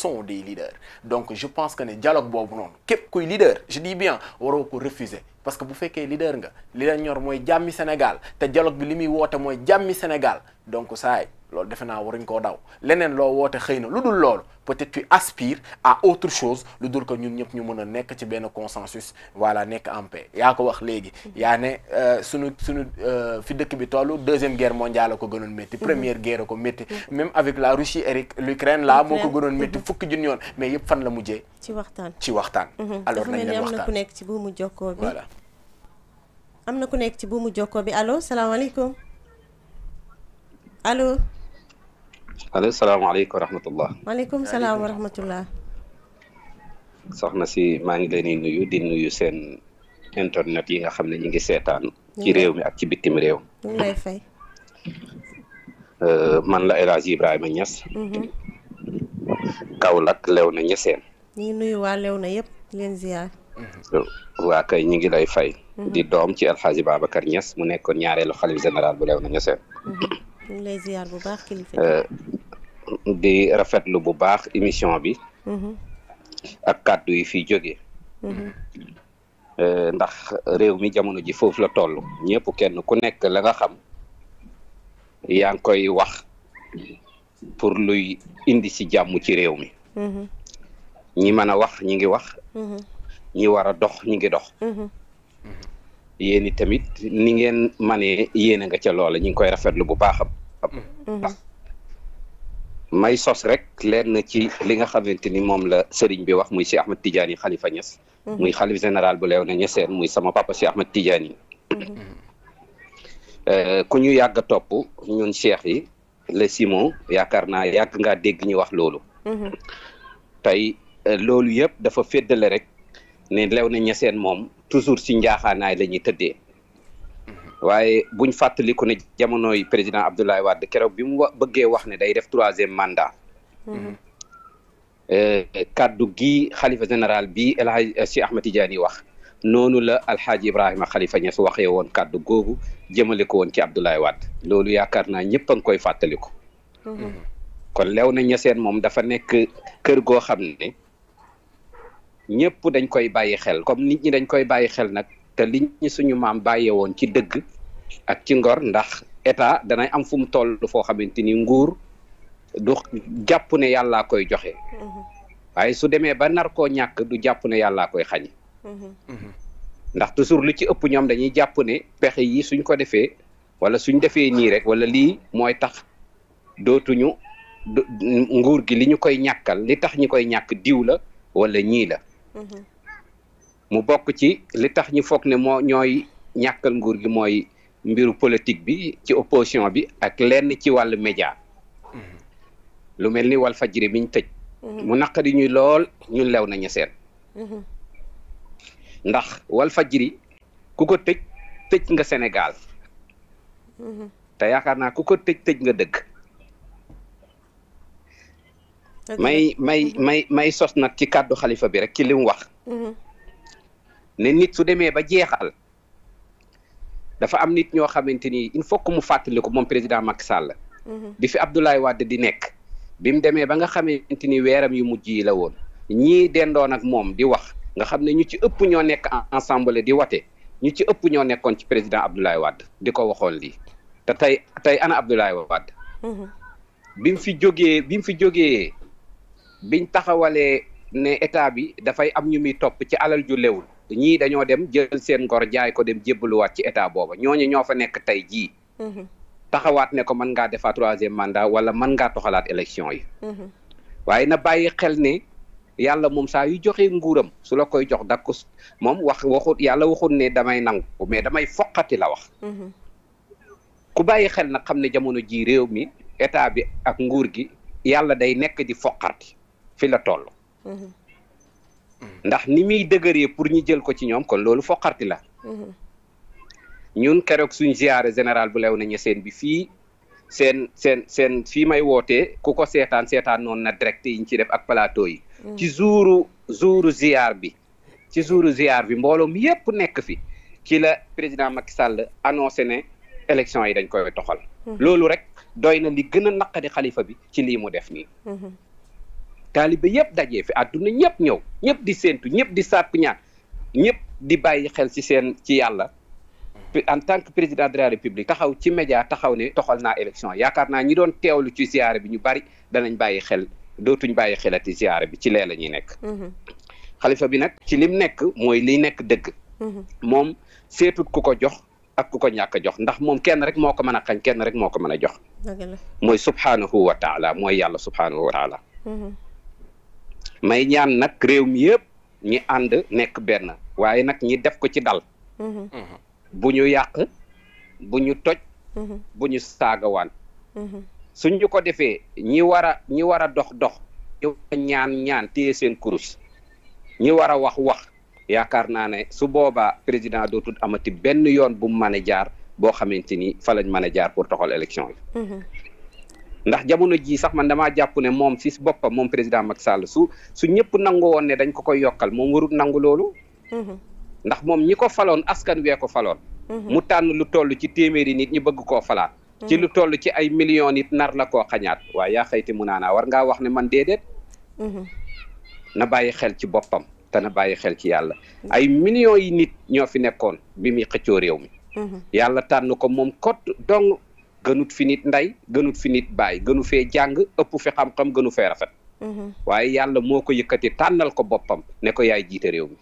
sont des leaders donc je pense que ne dialogue boobu noonu képp kuy leader je dis bien waroo ko refuser parce que bu fekkee leader nga li la ñor mooy jàmmi Sénégal te dialogue bi li muy woote mooy jàmmi Sénégal donc saay loolu defe naa waruñ koo daw leneen loo woote xëy na lu dul loolu peut-être tu aspires à autre chose lu dul ko ñun ñëpp ñu mën a nekk ci benn consensus voilà nekk en yaa ko wax léegi. yaa ne euh, suñu suñu euh, fi dëkk bi toll deuxième guerre mondiale ko gënoon métti. Mhm. première guerre ko métti. Mhm. même avec la Russie et l'Ukraine la moo ko gënoon métti mhm. fukki junni yoon mais yëpp fan la mujjee. ci waxtaan ci waxtaan. alors nañ leen waxtaan am na ku nekk ci buumu jokkoo bi. voilà am na ku nekk ci buumu jokkoo bi allo salaamaaleykum allo salaamaaleykum wa rahmatullah. maaleykum salaam wa soxna si maa ngi lay nuyu di nuyu seen internet yi nga xam ne ñi ngi seetaan. ci réew mi ak ci bitim réew. ñu lay fay. Euh, man la El Hadj Ibrahima Niass. Mhm. Kaolack lew na ñeseen. ñu nuyu waa lew na yëpp leen ziar. Euh, waa kay ñu ngi lay fay. Mhm. di doom ci El Hadj Babacar Niass mu nekkoon ñaareelu xalif général bu lew na ñeseen. ñu ngi lay bu baax euh, rafetlu bu baax émission bi. Mhm. ak kàddu yi fiy jógee. Mhm. Euh, ndax réew mi jamono ji foofu la toll ñëpp kenn ku nekk la nga xam yaa ngi koy wax pour luy indi si jàmm ci réew mi. Mhm. ñi mën a wax ñi ngi wax. ñi war a dox ñi ngi dox. yéen i tamit ni ngeen mane yéen a nga ca loola ñu ngi koy rafetlu bu baax Mm-hmm. may sos rek leen na ci li nga xamante ni moom la sëriñ bi wax muy si Ahmed Tidiane Khalifa Niass. Mm-hmm. muy xalif général bu Léona Niassène muy sama papa si Ahmed Tidiane. Mm-hmm. Euh, ku ñu yàgg a topp ñun cheikh yi le Simon yaakaar naa yàgg nga dégg ñu wax loolu. tey euh, loolu yëpp dafa feddale rek lew na Niassène moom toujours si njaaxaanaay la tëddee. waaye buñ fàttaliku na jamonoy président Abdoulaye Wade keroog bi mu bëggee wax ne day def troisième mandat. Mhm. Eh, kaddu gi xalifa général bi El Hadj si eh, Ahmed wax noonu la alxaaji Ibrahima xalifa Niass waxee woon kaddu googu jëmale ko woon ci Abdoulaye Wade loolu yaakaar naa ñëpp a ngi koy fàttaliku. Mhm. Mhm. kon lew na ñeseen moom dafa nekk kër goo xam ne ñëpp dañ koy bàyyi xel comme nit ñi dañ koy bàyyi xel nag te liñ ñu suñu maam bàyyee woon ci dëgg ak ci ngor ndax état danay am fu mu toll foo xamante ni nguur du jàpp ne yàllaa koy joxe. Mm-hmm. waaye su demee ba nar koo ñàkk du jàpp ne yàllaa koy xañ mm-hmm. Mm-hmm. ndax toujours lu ci ëpp ñoom dañuy jàpp ne pexe yi suñ ko defee wala suñ defee nii rek wala lii mooy tax dootuñu nguur gi li ñu koy ñàkkal li tax ñi koy ñàkk diw la wala ñii la. mu bokk ci li tax ñu foog ne moo ñooy ñàkkal nguur gi mooy mbiru politique bi ci opposition bi ak lenn ci wàllu média mm-hmm. lu mel ni wal fajri biñ tëj mm-hmm. mu naqari ñuy lool ñun lew nañu seen mm-hmm. ndax wal fajri ku ko tëj tëj nga Sénégal te yaakaar naa ku ko tëj tëj nga dëgg may may may may sos nag ci kàddu xalifa bi rek ci li wax ne nit su demee ba jeexal dafa am nit ñoo xamante ni il faut que mu fàttali ko moom président Macky Sall. di mhm. fi Abdoulaye Wade di nekk. bi mu demee ba nga xamante ni weeram yu mujj yi la woon ñii dendoon ak moom di wax nga xam ne ñu ci ëpp ñoo nekk ensemble di wate ñu ci ëpp ñoo nekkoon ci président Abdoulaye Wade di ko waxoon lii te tey tey ana Abdoulaye Wade. Mhm. bi mu fi jógee bi mu fi jógee biñ taxawalee ne état bi dafay am ñu muy topp ci alal ju lewul ñii dañoo dem jël seen ngor jaay ko dem jébbaluwaat ci état booba ñooñu ñoo fa nekk tey jii. Mhm. taxawaat ne ko mën ngaa defaat troisième mandat wala mën ngaa toxalaat élection yi. Mhm. waaye na bàyyi xel ne yàlla moom saa yu joxe nguuram su la koy jox dakku moom wax waxut yàlla waxut ne damay nangu mais damay foqati la wax. Mhm. ku bàyyi xel na xam ne jamono ji réew mi état bi ak nguur gi yàlla day nekk di foqati fi la toll. ndax ni muy dëgëree pour ñu jël ko ci ñoom kon loolu foqarti la ñun keroog suñ ziare général bu lew na ñeseen bi fii seen seen seen fii may wootee ku ko seetaan seetaan noon na direct yi ñu ci def ak plateau yi mm. ci jouru jouru ziar bi ci jouru ziar bi mbooloom yépp nekk fi ci la président Macky Sall annoncé ne élection yi dañ koy toxal mm-hmm. loolu rek doy na li gën naqadi xalifa bi ci lii mu def nii mm-hmm. taalibe yëpp dajee fi àdduna ñëpp ñëw ñëpp di séentu ñëpp di sàpp ñaan ñëpp di bàyyi xel ci seen ci yàlla en tant que président de la république taxaw ci média taxaw ne toxal naa élection yaakaar naa ñi doon teewlu ci ziyaara bi ñu bari danañ bàyyi xel dootuñ bàyyi xelati ziyaara bi ci lee la ñuy nekk mhm. xalifa bi nag ci lim nekk mooy liy nekk dëgg mhm. moom seetut ku ko jox ak ku ko ñàkk jox ndax moom kenn rek moo ko mën a xañ kenn rek moo ko mën a jox mooy subhaanahu wa taala mooy yàlla subhaanahu wa may ñaan nag réew mi yëpp ñi ànd nekk benn waaye nag ñi def ko ci dal mm-hmm. bu ñu yàq bu ñu toj mm-hmm. bu ñu saagawaan mm-hmm. ñu ko defee ñi war a ñi war a dox dox ñaan ñaan téye seen kurus ñi war a wax wax yaakaar naa ne su boobaa président dootul amati benn yoon bu mu mën a jaar boo xamante ni fa lañ mën a jaar pour toxal élection ndax jamono jii sax man damaa jàpp ne moom si boppam moom président Macky Sall su su ñëpp nangu woon ne dañ ko koy yokkal moom warut nangu loolu. Mhm. ndax moom ñi ko faloon askan wee ko faloon. Mhm. mu tànn lu toll ci téeméeri nit ñi bëgg koo falaat. ci mhm. lu toll ci ay million nit nar la koo xañaat waaye yaa xëyti mu naanaa war ngaa wax ne man déedéet. na bàyyi xel ci boppam te na bàyyi xel ci yàlla ay millions yi nit ñoo fi nekkoon bi muy xëccoo réew mi. yàlla tànn ko moom kot gënut fi nit ndey gënut fi nit baay gënu fee jàng ëpp fi xam-xam gënu fee rafet mhm. waaye yàlla moo ko yëkkati tànnal ko boppam ne ko yaay jiite réew mi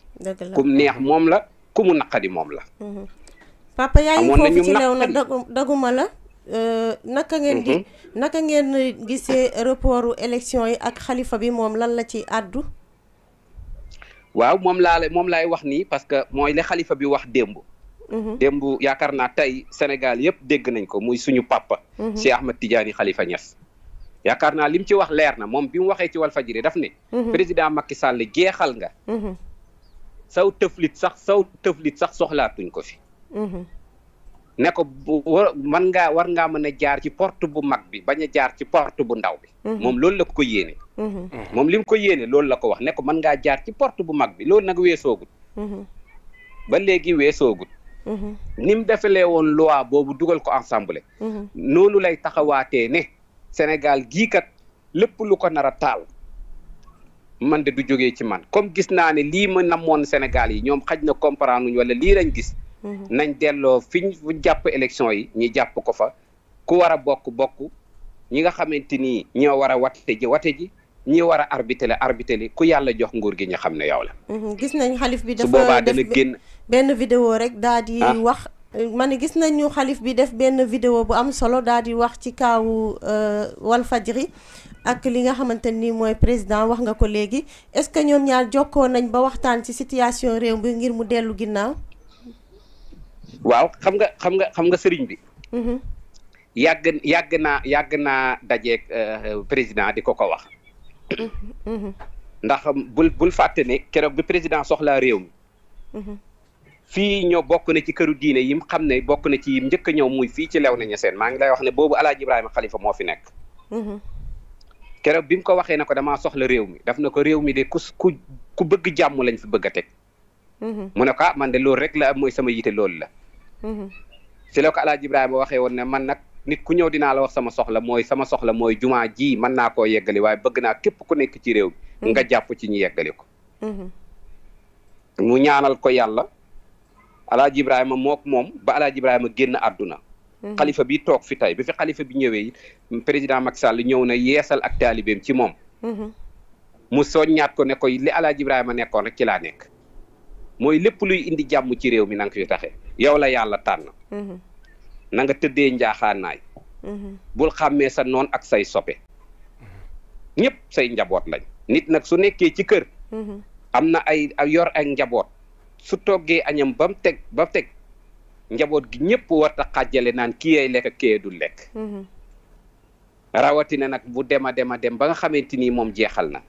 kum neex moom la ku mu naqadi moom la mhm. papa yaa foofu ci lew na dagu daguma la euh, mhm. naka ngeen gisee reportu élection yi ak xalifa bi moom lan la ci àddu waaw moom laa la moom lay wax nii parce que mooy li xalifa bi wax démb Mm-hmm. démb yaakaar naa tey Sénégal yëpp dégg nañ ko muy suñu papa. si mm-hmm. Ahmed Tidiane xalifa Niass. yaakaar naa li mu ci wax leer na moom bi mu waxee ci Walfadjri daf ne. Mm-hmm. président Macky sàll jeexal nga. saw tëflit sax saw tëflit sax soxlaatuñ ko fi. ne ko man ngaa war ngaa mën a jaar ci port bu mag bi bañ a jaar ci port bu ndaw bi. moom loolu la ko yéene. moom li mu ko yéene loolu la ko wax ne ko mën ngaa jaar ci port bu mag bi loolu nag weesoogut. ba léegi weesoogut. Mm-hmm. ni mu defalee woon loi boobu dugal ko ensemble. Mm-hmm. noonu lay taxawaatee ne Sénégal gii kat lépp lu ko nar a taal man de du jóge ci man comme gis naa ne lii ma namoon Sénégal yi ñoom xaj na comprendre wuñ wala lii lañ gis. Mm-hmm. nañ delloo fiñ fu jàpp élection yi ñi jàpp ko fa ku war a bokk bokk ñi nga xamante ni ñoo war a wate ji ji ñi war a arbitrer arbitrer ku yàlla jox nguur gi ñu xam ne yow la. Mhm, gis nañ xalif bi dafa su boobaa dana génn benn vidéo rek daal di ah. wax. ma ne gis nañu xalif bi def benn vidéo bu am solo daal di wax ci kaawu euh, Walfadjri ak li nga xamante ni mooy président wax nga ko léegi est-ce que ñoom ñaar jokkoo nañ ba waxtaan ci situation réew bi ngir mu dellu ginnaaw. waaw xam nga xam nga xam nga sëriñ bi. Mhm. yàgg yàgg naa yàgg naa dajeeg euh, président di ko ko wax. ndax bul bul fàtte ne keroog bi président soxla réew mi fii ñoo bokk na ci këru diine yim xam ne bokk na ci yim njëkk a ñëw muy fii ci lew na ñeseen maa ngi lay wax ne boobu alaaji ibrahima xalifa moo fi nekk keroog bi mu ko waxee na ko damaa soxla réew mi daf na ko réew mi de ku ku ku bëgg jàmm lañ fi bëgg a teg mu ne ko ah, man de loolu rek la mooy sama yite loolu la mm-hmm. si la ko alaaji ibrahima waxee woon ne man nag nit ku ñëw dinaa la wax sama soxla mooy sama soxla mooy jumaa ji man naa koo yeggali waaye bëgg naa képp ku nekk ci réew mi mm-hmm. nga jàpp ci ñu yeggali ko mm-hmm. mu ñaanal ko yàlla alaaji ibrahima mook moom ba alaaji ibrahima génn àdduna mm-hmm. xalifa bi toog fi tey bi fi xalifa bi ñëwee président Macky Sall ñëw na yeesal ak taalibeem ci moom mu soññaat ko ne ko li alaaji ibrahima nekkoon rek ci laa nekk mooy lépp luy indi jàmm ci réew mi na yu koy yow la yàlla tànn na nga tëddee njaaxaanaay mhm. bul xàmmee sa noon ak say soppe ñëpp say njaboot lañ nit nag su nekkee ci kër mhm. am na ay yor ak njaboot su toggee añam ba mu teg ba teg njaboot gi ñëpp war a xàjjale naan kii ay lekk kii du lekk mhm. rawatina nag bu dem a dem a dem ba nga xamante ni moom jeexal na